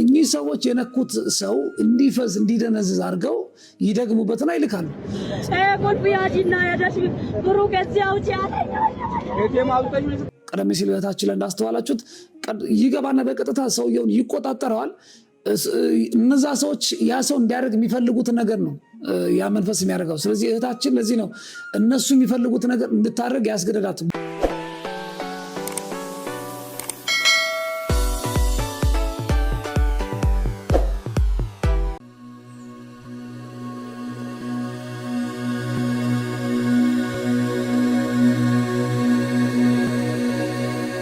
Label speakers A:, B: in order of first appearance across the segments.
A: እኚህ ሰዎች የነኩት ሰው እንዲፈዝ እንዲደነዝዝ አድርገው ይደግሙበትና ይልካሉ። ቀደም ሲል ቤታችን ላይ እንዳስተዋላችሁት ይገባና በቀጥታ ሰውየውን ይቆጣጠረዋል። እነዛ ሰዎች ያ ሰው እንዲያደርግ የሚፈልጉትን ነገር ነው ያ መንፈስ የሚያደርገው። ስለዚህ እህታችን ለዚህ ነው እነሱ የሚፈልጉት ነገር እንድታደርግ ያስገደዳት።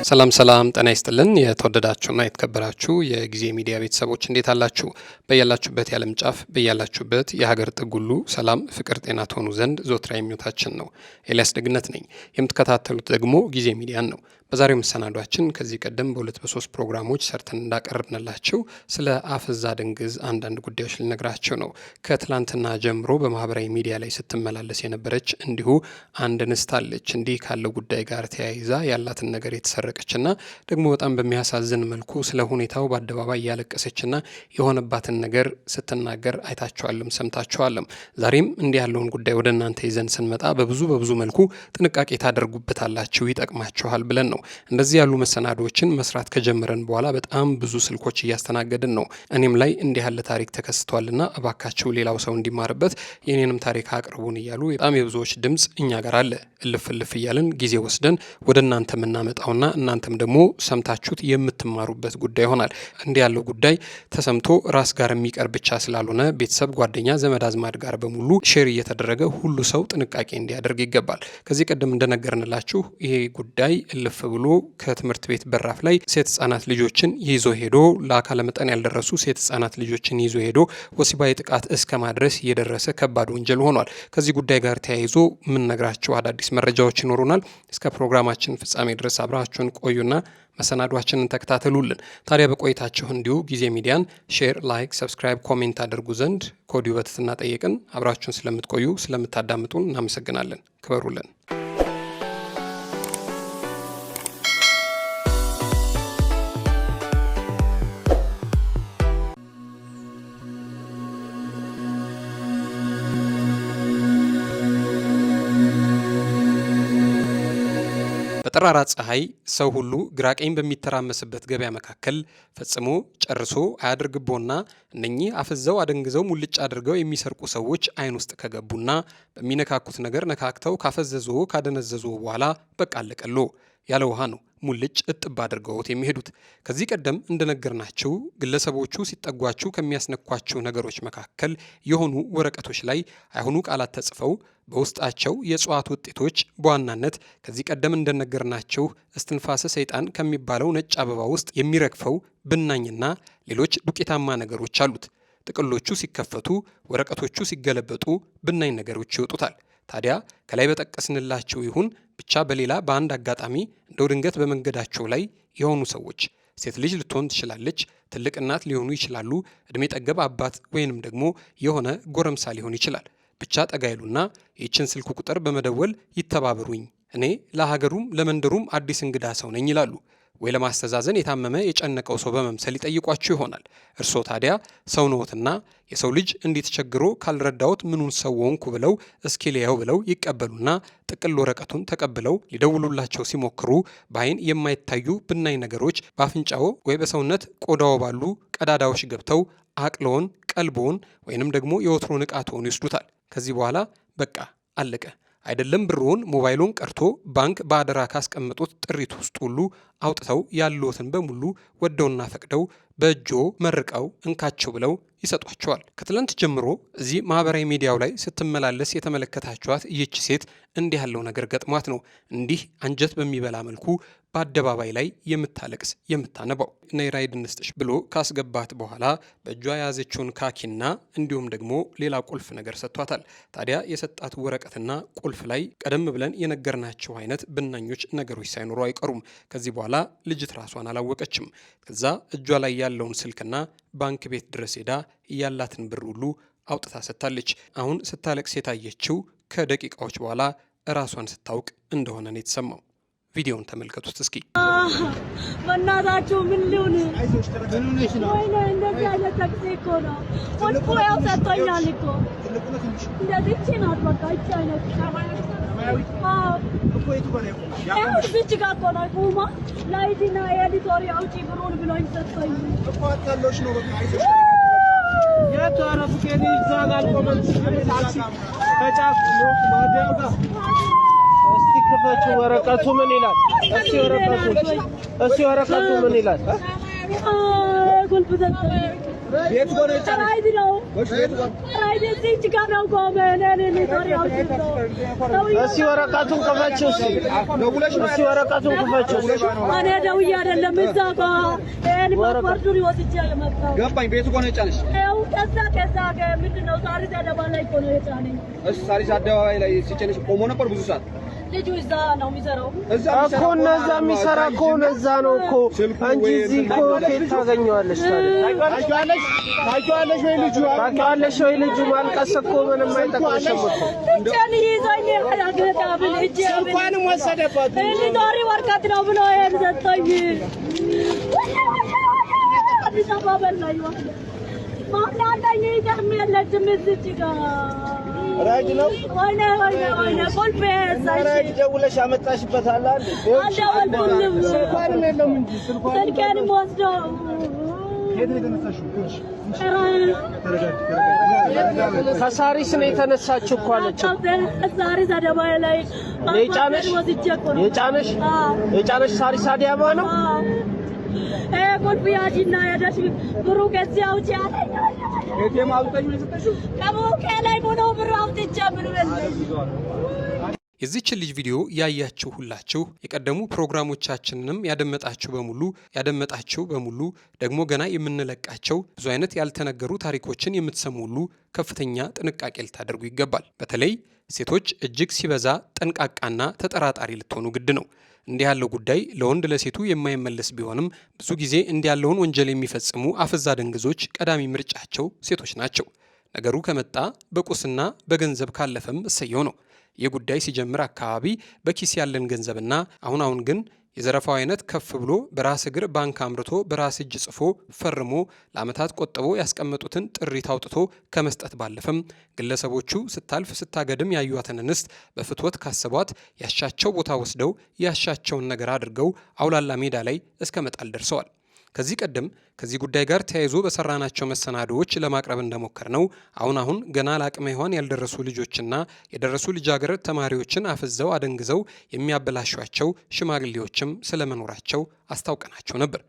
B: ሰላም ሰላም፣ ጤና ይስጥልን። የተወደዳችሁና የተከበራችሁ የጊዜ ሚዲያ ቤተሰቦች እንዴት አላችሁ? በያላችሁበት የዓለም ጫፍ በያላችሁበት የሀገር ጥጉሉ ሰላም፣ ፍቅር፣ ጤና ትሆኑ ዘንድ ዞትራ የሚወታችን ነው። ኤልያስ ደግነት ነኝ። የምትከታተሉት ደግሞ ጊዜ ሚዲያን ነው። በዛሬው መሰናዷችን ከዚህ ቀደም በሁለት በሶስት ፕሮግራሞች ሰርተን እንዳቀረብንላቸው ስለ አፍዛ ድንግዝ አንዳንድ ጉዳዮች ልነግራቸው ነው። ከትላንትና ጀምሮ በማህበራዊ ሚዲያ ላይ ስትመላለስ የነበረች እንዲሁ አንድ እንስት አለች። እንዲህ ካለው ጉዳይ ጋር ተያይዛ ያላትን ነገር የተሰረቀችና ደግሞ በጣም በሚያሳዝን መልኩ ስለ ሁኔታው በአደባባይ እያለቀሰችና የሆነባትን ነገር ስትናገር አይታችኋልም ሰምታችኋልም። ዛሬም እንዲህ ያለውን ጉዳይ ወደ እናንተ ይዘን ስንመጣ በብዙ በብዙ መልኩ ጥንቃቄ ታደርጉበታላችሁ፣ ይጠቅማችኋል ብለን ነው እንደዚህ ያሉ መሰናዶዎችን መስራት ከጀመረን በኋላ በጣም ብዙ ስልኮች እያስተናገድን ነው። እኔም ላይ እንዲህ ያለ ታሪክ ተከስቷልና እባካችሁ ሌላው ሰው እንዲማርበት የኔንም ታሪክ አቅርቡን እያሉ በጣም የብዙዎች ድምፅ እኛ ጋር አለ። እልፍ እልፍ እያልን ጊዜ ወስደን ወደ እናንተ የምናመጣውና እናንተም ደግሞ ሰምታችሁት የምትማሩበት ጉዳይ ይሆናል። እንዲህ ያለው ጉዳይ ተሰምቶ ራስ ጋር የሚቀር ብቻ ስላልሆነ ቤተሰብ፣ ጓደኛ፣ ዘመድ አዝማድ ጋር በሙሉ ሼር እየተደረገ ሁሉ ሰው ጥንቃቄ እንዲያደርግ ይገባል። ከዚህ ቀደም እንደነገርንላችሁ ይሄ ጉዳይ እልፍ ብሎ ከትምህርት ቤት በራፍ ላይ ሴት ህጻናት ልጆችን ይዞ ሄዶ ለአካለ መጠን ያልደረሱ ሴት ህጻናት ልጆችን ይዞ ሄዶ ወሲባዊ ጥቃት እስከ ማድረስ የደረሰ ከባድ ወንጀል ሆኗል። ከዚህ ጉዳይ ጋር ተያይዞ የምንነግራቸው አዳዲስ መረጃዎች ይኖሩናል። እስከ ፕሮግራማችን ፍጻሜ ድረስ አብራችሁን ቆዩና መሰናዷችንን ተከታተሉልን። ታዲያ በቆይታችሁ እንዲሁ ጊዜ ሚዲያን ሼር፣ ላይክ፣ ሰብስክራይብ፣ ኮሜንት አድርጉ ዘንድ ከወዲሁ በትህትና ጠየቅን። አብራችሁን ስለምትቆዩ ስለምታዳምጡን እናመሰግናለን። ክበሩልን። በጠራራ ፀሐይ ሰው ሁሉ ግራቀኝ በሚተራመስበት ገበያ መካከል ፈጽሞ ጨርሶ አያድርግቦና እነኚህ አፍዘው አደንግዘው ሙልጭ አድርገው የሚሰርቁ ሰዎች አይን ውስጥ ከገቡና በሚነካኩት ነገር ነካክተው ካፈዘዞ ካደነዘዞ በኋላ በቃ አለቀሎ። ያለ ውሃ ነው ሙልጭ እጥብ አድርገውት የሚሄዱት። ከዚህ ቀደም እንደነገርናችሁ ግለሰቦቹ ሲጠጓችሁ ከሚያስነኳችሁ ነገሮች መካከል የሆኑ ወረቀቶች ላይ አይሆኑ ቃላት ተጽፈው በውስጣቸው የእጽዋት ውጤቶች በዋናነት ከዚህ ቀደም እንደነገርናችሁ እስትንፋሰ ሰይጣን ከሚባለው ነጭ አበባ ውስጥ የሚረግፈው ብናኝና ሌሎች ዱቄታማ ነገሮች አሉት። ጥቅሎቹ ሲከፈቱ፣ ወረቀቶቹ ሲገለበጡ ብናኝ ነገሮች ይወጡታል። ታዲያ ከላይ በጠቀስንላችሁ ይሁን ብቻ በሌላ በአንድ አጋጣሚ እንደው ድንገት በመንገዳቸው ላይ የሆኑ ሰዎች ሴት ልጅ ልትሆን ትችላለች፣ ትልቅ እናት ሊሆኑ ይችላሉ፣ እድሜ ጠገብ አባት ወይንም ደግሞ የሆነ ጎረምሳ ሊሆን ይችላል። ብቻ ጠጋ ይሉና ይችን ስልክ ቁጥር በመደወል ይተባበሩኝ፣ እኔ ለሀገሩም ለመንደሩም አዲስ እንግዳ ሰው ነኝ ይላሉ። ወይ ለማስተዛዘን የታመመ የጨነቀው ሰው በመምሰል ይጠይቋችሁ ይሆናል። እርስዎ ታዲያ ሰው ነዎትና የሰው ልጅ እንዴት ካልረዳውት ምኑን ሰው ወንኩ ብለው እስኪ ልየው ብለው ይቀበሉና ጥቅል ወረቀቱን ተቀብለው ሊደውሉላቸው ሲሞክሩ በአይን የማይታዩ ብናኝ ነገሮች በአፍንጫዎ ወይ በሰውነት ቆዳዎ ባሉ ቀዳዳዎች ገብተው አቅለውን ቀልቦን ወይንም ደግሞ የወትሮ ንቃትዎን ይወስዱታል። ከዚህ በኋላ በቃ አለቀ። አይደለም ብሩን ሞባይሉን ቀርቶ ባንክ በአደራ ካስቀመጡት ጥሪት ውስጥ ሁሉ አውጥተው ያሉትን በሙሉ ወደውና ፈቅደው በእጆ መርቀው እንካቸው ብለው ይሰጧቸዋል። ከትላንት ጀምሮ እዚህ ማህበራዊ ሚዲያው ላይ ስትመላለስ የተመለከታችኋት ይህቺ ሴት እንዲህ ያለው ነገር ገጥሟት ነው እንዲህ አንጀት በሚበላ መልኩ በአደባባይ ላይ የምታለቅስ የምታነባው ነይራይድ ንስጥሽ ብሎ ካስገባት በኋላ በእጇ የያዘችውን ካኪና እንዲሁም ደግሞ ሌላ ቁልፍ ነገር ሰጥቷታል። ታዲያ የሰጣት ወረቀትና ቁልፍ ላይ ቀደም ብለን የነገርናቸው አይነት ብናኞች ነገሮች ሳይኖሩ አይቀሩም። ከዚህ በኋላ ልጅት ራሷን አላወቀችም። ከዛ እጇ ላይ ያለውን ስልክና ባንክ ቤት ድረስ ሄዳ ያላትን ብር ሁሉ አውጥታ ሰጥታለች። አሁን ስታለቅስ የታየችው ከደቂቃዎች በኋላ ራሷን ስታውቅ እንደሆነ ነው የተሰማው። ቪዲዮውን ተመልከቱት እስኪ።
C: በእናታችሁ ምን ሊሆን ወይኔ! እንደዚህ አይነት ተቅሴ እኮ ነው። ወድቆ ያው ሰጥቶኛል እኮ እንደዚህ ናት። በቃ ይቺ አይነት ይች ጋ እኮ ነው ቁማ ላይትና የኤዲቶሪ አውጪ ብሩን ብሎኝ ሰጥቶኝ ነው
A: እስቲ ክፈቱ። ወረቀቱ ምን ይላል? እስቲ ወረቀቱ
C: እስቲ ወረቀቱ ምን ይላል? እስቲ ወረቀቱን ክፈችው። እስቲ ወረቀቱን ክፈችው። እኔ ደውዬ አይደለም እዛ ገባኝ። ቤቱ እኮ ነው የጫነሽ።
B: ሳሪስ አደባባይ ላይ ቆሞ ነበር ብዙ ሰዓት
C: ልጁ እዛ ነው የሚሰራው እኮ እና የሚሰራ ከሆነ እዛ ነው እኮ አንቺ እዚህ እኮ ኬት ታገኘዋለሽ ታውቂዋለሽ ወይ ልጁ ታውቂዋለሽ ወይ ልጁ ማልቀስ እኮ ምንም አይጠቅምሽም እኮ እጄን ይዞኝ ያገጣብል እጄ ስልኳንም ወሰደባት ሊኖሪ ወርቀት ነው ብሎ ይሄን ዘጠኝ አዲስ አበባ በላዩ ማን እንዳለኝ ይደህም የለችም እዚህ ጋር ራጅ ነው ወይኔ ወይኔ ወይኔ ቁልፍ ያዛሽ ደውለሽ አመጣሽበት አለ አልደወልኩም ስልኳንም የለም እንጂ ስልኳንም ወስደው ከሳሪስ ነው የተነሳችው እኮ አለች። ሳሪስ አደባ የጫነሽ የጫነሽ ሳሪስ አዲያባ ነው ቀቦል እና ያዳሽ ብሩ ከዚህ አውጪ አለኝ። ኤቲኤም አውጥተሽ ምን ሰጠሽው? ከቦኬ ላይ ሆኖ ብሩ አውጥቼ ምን በለኝ።
B: የዚችን ልጅ ቪዲዮ ያያችሁ ሁላችሁ የቀደሙ ፕሮግራሞቻችንንም ያደመጣችሁ በሙሉ ያደመጣችሁ በሙሉ ደግሞ ገና የምንለቃቸው ብዙ አይነት ያልተነገሩ ታሪኮችን የምትሰሙ ሁሉ ከፍተኛ ጥንቃቄ ልታደርጉ ይገባል። በተለይ ሴቶች እጅግ ሲበዛ ጠንቃቃና ተጠራጣሪ ልትሆኑ ግድ ነው። እንዲህ ያለው ጉዳይ ለወንድ ለሴቱ የማይመለስ ቢሆንም ብዙ ጊዜ እንዲህ ያለውን ወንጀል የሚፈጽሙ አፍዛ ደንግዞች ቀዳሚ ምርጫቸው ሴቶች ናቸው። ነገሩ ከመጣ በቁስና በገንዘብ ካለፈም እሰየው ነው። ይህ ጉዳይ ሲጀምር አካባቢ በኪስ ያለን ገንዘብና አሁን አሁን ግን የዘረፋው አይነት ከፍ ብሎ በራስ እግር ባንክ አምርቶ በራስ እጅ ጽፎ ፈርሞ ለዓመታት ቆጥቦ ያስቀመጡትን ጥሪት አውጥቶ ከመስጠት ባለፈም ግለሰቦቹ ስታልፍ ስታገድም ያዩዋትን እንስት በፍትወት ካሰቧት ያሻቸው ቦታ ወስደው ያሻቸውን ነገር አድርገው አውላላ ሜዳ ላይ እስከ መጣል ደርሰዋል። ከዚህ ቀደም ከዚህ ጉዳይ ጋር ተያይዞ በሰራናቸው መሰናዶዎች ለማቅረብ እንደሞከር ነው አሁን አሁን ገና ለአቅመ ሔዋን ያልደረሱ ልጆችና የደረሱ ልጃገረድ ተማሪዎችን አፍዘው አደንግዘው የሚያበላሿቸው ሽማግሌዎችም ስለመኖራቸው አስታውቀናቸው ነበር።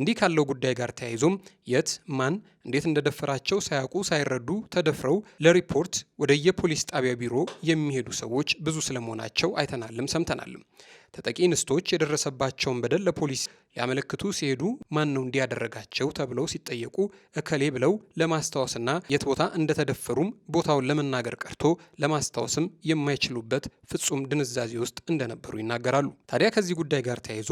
B: እንዲህ ካለው ጉዳይ ጋር ተያይዞም የት ማን እንዴት እንደደፈራቸው ሳያውቁ ሳይረዱ ተደፍረው ለሪፖርት ወደ የፖሊስ ጣቢያ ቢሮ የሚሄዱ ሰዎች ብዙ ስለመሆናቸው አይተናልም ሰምተናልም። ተጠቂ እንስቶች የደረሰባቸውን በደል ለፖሊስ ሊያመለክቱ ሲሄዱ ማን ነው እንዲያደረጋቸው ተብለው ሲጠየቁ እከሌ ብለው ለማስታወስና የት ቦታ እንደተደፈሩም ቦታውን ለመናገር ቀርቶ ለማስታወስም የማይችሉበት ፍጹም ድንዛዜ ውስጥ እንደነበሩ ይናገራሉ። ታዲያ ከዚህ ጉዳይ ጋር ተያይዞ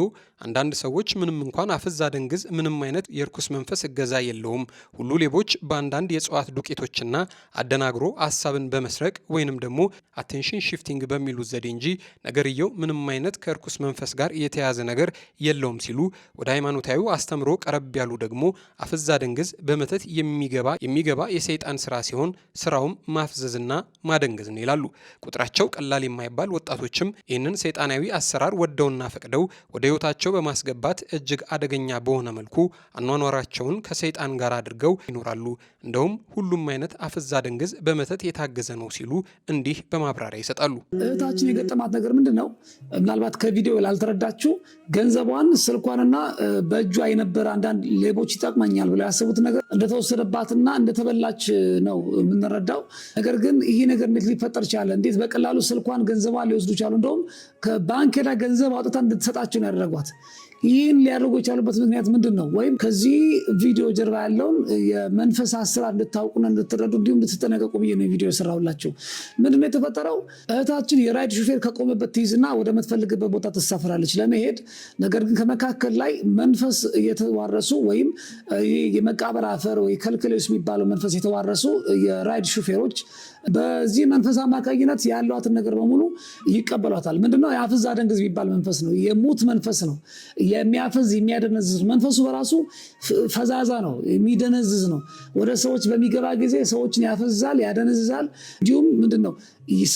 B: አንዳንድ ሰዎች ምንም እንኳን አፍዛ ደንግዝ ምንም አይነት የእርኩስ መንፈስ እገዛ የለውም ሁሉ ሌቦች በአንዳንድ የእጽዋት ዱቄቶችና አደናግሮ ሀሳብን በመስረቅ ወይንም ደግሞ አቴንሽን ሺፍቲንግ በሚሉት ዘዴ እንጂ ነገርየው ምንም አይነት ከእርኩስ መንፈስ ጋር የተያያዘ ነገር የለውም ሲሉ ወደ ሃይማኖታዊ አስተምሮ ቀረብ ያሉ ደግሞ አፍዛ ደንግዝ በመተት የሚገባ የሚገባ የሰይጣን ስራ ሲሆን ስራውም ማፍዘዝና ማደንገዝ ነው ይላሉ። ቁጥራቸው ቀላል የማይባል ወጣቶችም ይህንን ሰይጣናዊ አሰራር ወደውና ፈቅደው ወደ ህይወታቸው በማስገባት እጅግ አደገኛ በሆነ መልኩ አኗኗራቸውን ከሰይጣን ጋር አድርገው ይኖራሉ። እንደውም ሁሉም አይነት አፍዛ ደንግዝ በመተት የታገዘ ነው ሲሉ እንዲህ በማብራሪያ ይሰጣሉ። እህታችን የገጠማት
A: ነገር ምንድን ነው? ምናልባት ከቪዲዮ ላልተረዳችሁ ገንዘቧን ስልኳንና በእጇ የነበረ አንዳንድ ሌቦች ይጠቅመኛል ብለው ያሰቡት ነገር እንደተወሰደባትና እንደተበላች ነው የምንረዳው። ነገር ግን ይሄ ነገር እንዴት ሊፈጠር ቻለ? እንዴት በቀላሉ ስልኳን ገንዘቧን ሊወስዱ ቻሉ? እንደውም ከባንክ ሄዳ ገንዘብ አውጥታ እንድትሰጣቸው ነው ያደረጓት። ይህን ሊያደርጉ የቻሉበት ምክንያት ምንድን ነው? ወይም ከዚህ ቪዲዮ ጀርባ ያለውን የመንፈስ ስራ እንድታውቁና እንድትረዱ እንዲሁም እንድትጠነቀቁ ብዬ ነው ቪዲዮ የሰራሁላችሁ። ምንድን ነው የተፈጠረው? እህታችን የራይድ ሹፌር ከቆመበት ትይዝና ወደ ምትፈልግበት ቦታ ትሳፈራለች ለመሄድ። ነገር ግን ከመካከል ላይ መንፈስ የተዋረሱ ወይም የመቃበር አፈር ወይ ከልክሌስ የሚባለው መንፈስ የተዋረሱ የራይድ ሹፌሮች በዚህ መንፈስ አማካኝነት ያሏትን ነገር በሙሉ ይቀበሏታል። ምንድነው? የአፍዝ አደንግዝ የሚባል መንፈስ ነው። የሙት መንፈስ ነው። የሚያፍዝ የሚያደነዝዝ መንፈሱ በራሱ ፈዛዛ ነው፣ የሚደነዝዝ ነው። ወደ ሰዎች በሚገባ ጊዜ ሰዎችን ያፈዛል፣ ያደነዝዛል። እንዲሁም ምንድነው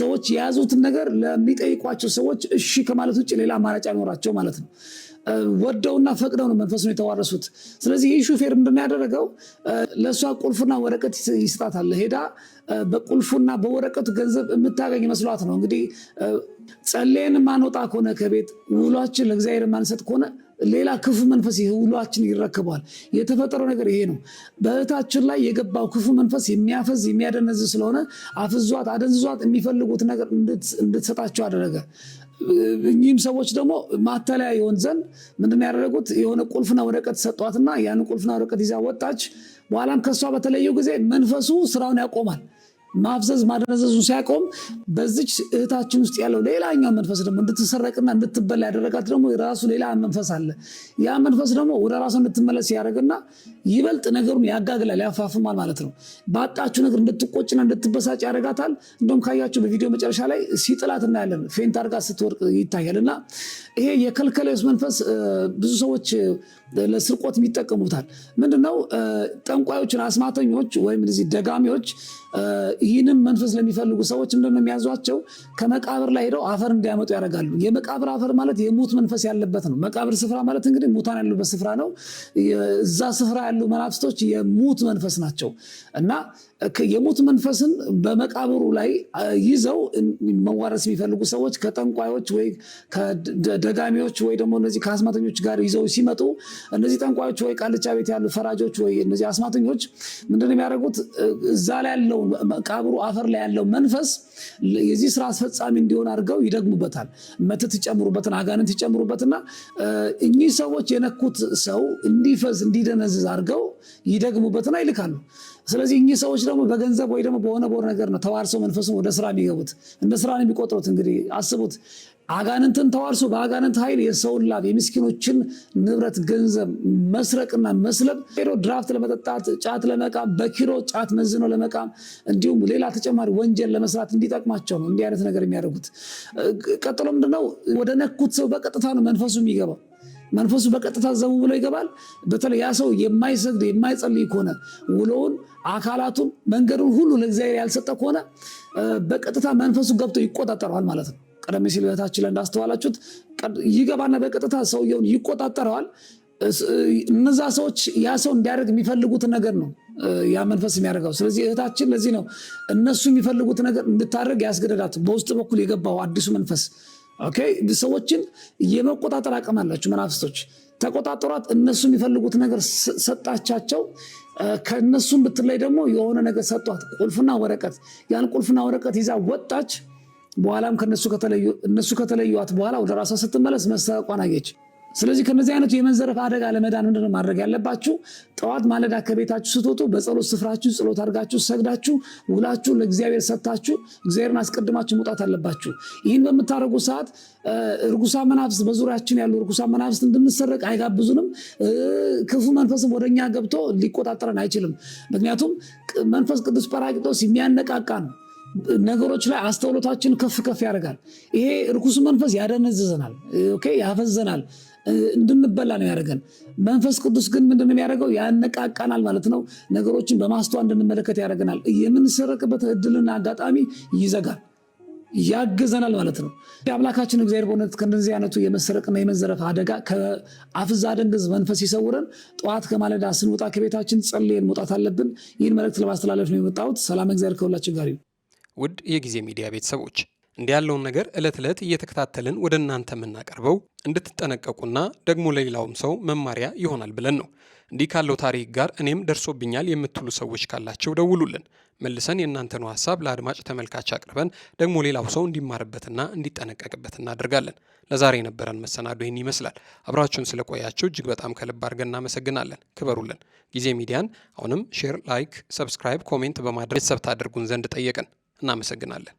A: ሰዎች የያዙትን ነገር ለሚጠይቋቸው ሰዎች እሺ ከማለት ውጭ ሌላ አማራጭ አይኖራቸው ማለት ነው። ወደውና ፈቅደው ነው መንፈሱን የተዋረሱት። ስለዚህ ይህ ሹፌር ያደረገው ለእሷ ቁልፉና ወረቀት ይሰጣታል። ሄዳ በቁልፉና በወረቀቱ ገንዘብ የምታገኝ መስሏት ነው እንግዲህ ጸሌን ማንወጣ ከሆነ ከቤት ውሏችን ለእግዚአብሔር ማንሰጥ ከሆነ ሌላ ክፉ መንፈስ ሁሏችን ይረከበዋል። የተፈጠረው ነገር ይሄ ነው። በእህታችን ላይ የገባው ክፉ መንፈስ የሚያፈዝ የሚያደነዝ ስለሆነ አፍዟት አደንዝዟት የሚፈልጉት ነገር እንድትሰጣቸው አደረገ። እኚህም ሰዎች ደግሞ ማተለያ የሆን ዘንድ ምንድን ያደረጉት የሆነ ቁልፍና ወረቀት ሰጧትና ያን ቁልፍና ወረቀት ይዛ ወጣች። በኋላም ከእሷ በተለየው ጊዜ መንፈሱ ስራውን ያቆማል። ማፍዘዝ ማደነዘዙን ሲያቆም በዚች እህታችን ውስጥ ያለው ሌላኛው መንፈስ ደግሞ እንድትሰረቅና እንድትበላ ያደረጋት ደግሞ የራሱ ሌላ መንፈስ አለ። ያ መንፈስ ደግሞ ወደ ራሱ እንድትመለስ ያደርግና ይበልጥ ነገሩን ያጋግላል፣ ያፋፍማል ማለት ነው። ባጣችሁ ነገር እንድትቆጭና እንድትበሳጭ ያደርጋታል። እንደውም ካያችሁ በቪዲዮ መጨረሻ ላይ ሲጥላት እናያለን። ፌንት አድርጋ ስትወርቅ ይታያል። እና ይሄ የከልከለስ መንፈስ ብዙ ሰዎች ለስርቆት የሚጠቀሙታል። ምንድነው ጠንቋዮችን፣ አስማተኞች ወይም እዚህ ደጋሚዎች ይህንም መንፈስ ለሚፈልጉ ሰዎች ነው የሚያዟቸው? ከመቃብር ላይ ሄደው አፈር እንዲያመጡ ያደርጋሉ። የመቃብር አፈር ማለት የሙት መንፈስ ያለበት ነው። መቃብር ስፍራ ማለት እንግዲህ ሙታን ያሉበት ስፍራ ነው። እዛ ስፍራ ያሉ መናፍስቶች የሙት መንፈስ ናቸው እና የሙት መንፈስን በመቃብሩ ላይ ይዘው መዋረስ የሚፈልጉ ሰዎች ከጠንቋዮች ወይ ከደጋሚዎች ወይ ደግሞ እነዚህ ከአስማተኞች ጋር ይዘው ሲመጡ እነዚህ ጠንቋዮች ወይ ቃልቻ ቤት ያሉ ፈራጆች ወይ እነዚህ አስማተኞች ምንድን የሚያደርጉት? እዛ ላይ ያለው መቃብሩ አፈር ላይ ያለው መንፈስ የዚህ ስራ አስፈጻሚ እንዲሆን አድርገው ይደግሙበታል። መተት ይጨምሩበትን አጋንንት ይጨምሩበትና እኚህ ሰዎች የነኩት ሰው እንዲፈዝ እንዲደነዝዝ አድርገው ይደግሙበትና ይልካሉ። ስለዚህ እኚህ ሰዎች ደግሞ በገንዘብ ወይ ደግሞ በሆነ በሆነ ነገር ነው ተዋርሰው መንፈሱን ወደ ስራ የሚገቡት እንደ ስራ ነው የሚቆጥሩት። እንግዲህ አስቡት አጋንንትን ተዋርሶ በአጋንንት ኃይል የሰውን ላብ የምስኪኖችን ንብረት ገንዘብ መስረቅና መስለብ ሮ ድራፍት ለመጠጣት ጫት ለመቃም በኪሎ ጫት መዝኖ ለመቃም እንዲሁም ሌላ ተጨማሪ ወንጀል ለመስራት እንዲጠቅማቸው ነው እንዲህ አይነት ነገር የሚያደርጉት። ቀጥሎ ምንድነው? ወደ ነኩት ሰው በቀጥታ ነው መንፈሱ የሚገባው። መንፈሱ በቀጥታ ዘቡ ብሎ ይገባል። በተለይ ያ ሰው የማይሰግድ የማይጸልይ ከሆነ ውሎውን፣ አካላቱን፣ መንገዱን ሁሉ ለእግዚአብሔር ያልሰጠ ከሆነ በቀጥታ መንፈሱ ገብቶ ይቆጣጠረዋል ማለት ነው። ቀደም ሲል በታችን ላይ እንዳስተዋላችሁት ይገባና በቀጥታ ሰውየውን ይቆጣጠረዋል። እነዛ ሰዎች ያ ሰው እንዲያደርግ የሚፈልጉት ነገር ነው ያ መንፈስ የሚያደርገው። ስለዚህ እህታችን ለዚህ ነው እነሱ የሚፈልጉት ነገር እንድታደርግ ያስገደዳት። በውስጥ በኩል የገባው አዲሱ መንፈስ ሰዎችን የመቆጣጠር አቅም አላችሁ መናፍስቶች። ተቆጣጠሯት። እነሱ የሚፈልጉት ነገር ሰጣቻቸው። ከእነሱም ብትለይ ደግሞ የሆነ ነገር ሰጧት፣ ቁልፍና ወረቀት። ያን ቁልፍና ወረቀት ይዛ ወጣች። በኋላም እነሱ ከተለዩት በኋላ ወደ ራሷ ስትመለስ መሰቋን አየች። ስለዚህ ከነዚህ አይነቱ የመዘረፍ አደጋ ለመዳን ምንድነው ማድረግ ያለባችሁ? ጠዋት ማለዳ ከቤታችሁ ስትወጡ በጸሎት ስፍራችሁ ጸሎት አድርጋችሁ ሰግዳችሁ ውላችሁ ለእግዚአብሔር ሰጥታችሁ እግዚአብሔርን አስቀድማችሁ መውጣት አለባችሁ። ይህን በምታደርጉ ሰዓት እርጉሳ መናፍስት በዙሪያችን ያሉ እርጉሳ መናፍስት እንድንሰረቅ አይጋብዙንም። ክፉ መንፈስም ወደኛ ገብቶ ሊቆጣጠረን አይችልም። ምክንያቱም መንፈስ ቅዱስ ጰራቅሊጦስ የሚያነቃቃ ነው። ነገሮች ላይ አስተውሎታችን ከፍ ከፍ ያደርጋል። ይሄ ርኩስ መንፈስ ያደነዝዘናል፣ ያፈዘናል፣ እንድንበላ ነው ያደርገን። መንፈስ ቅዱስ ግን ምንድን የሚያደርገው? ያነቃቃናል ማለት ነው። ነገሮችን በማስተዋል እንድንመለከት ያደርገናል። የምንሰረቅበት እድልና አጋጣሚ ይዘጋል፣ ያግዘናል ማለት ነው። አምላካችን እግዚአብሔር በእውነት ከእንደዚህ አይነቱ የመሰረቅና የመዘረፍ አደጋ ከአፍዛ አደንግዝ መንፈስ ይሰውረን። ጠዋት ከማለዳ ስንወጣ ከቤታችን ጸልየን መውጣት አለብን። ይህን መልእክት ለማስተላለፍ ነው የመጣሁት። ሰላም፣ እግዚአብሔር ከሁላችን ጋር ይሁን።
B: ውድ የጊዜ ሚዲያ ቤተሰቦች እንዲህ ያለውን ነገር ዕለት ዕለት እየተከታተልን ወደ እናንተ የምናቀርበው እንድትጠነቀቁና ደግሞ ለሌላውም ሰው መማሪያ ይሆናል ብለን ነው። እንዲህ ካለው ታሪክ ጋር እኔም ደርሶብኛል የምትሉ ሰዎች ካላቸው ደውሉልን። መልሰን የእናንተኑ ሀሳብ ለአድማጭ ተመልካች አቅርበን ደግሞ ሌላው ሰው እንዲማርበትና እንዲጠነቀቅበት እናደርጋለን። ለዛሬ የነበረን መሰናዶ ይህን ይመስላል። አብራችሁን ስለቆያችሁ እጅግ በጣም ከልብ አድርገን እናመሰግናለን። ክበሩልን። ጊዜ ሚዲያን አሁንም ሼር፣ ላይክ፣ ሰብስክራይብ፣ ኮሜንት በማድረግ ቤተሰብ ታደርጉን ዘንድ ጠየቅን። እናመሰግናለን።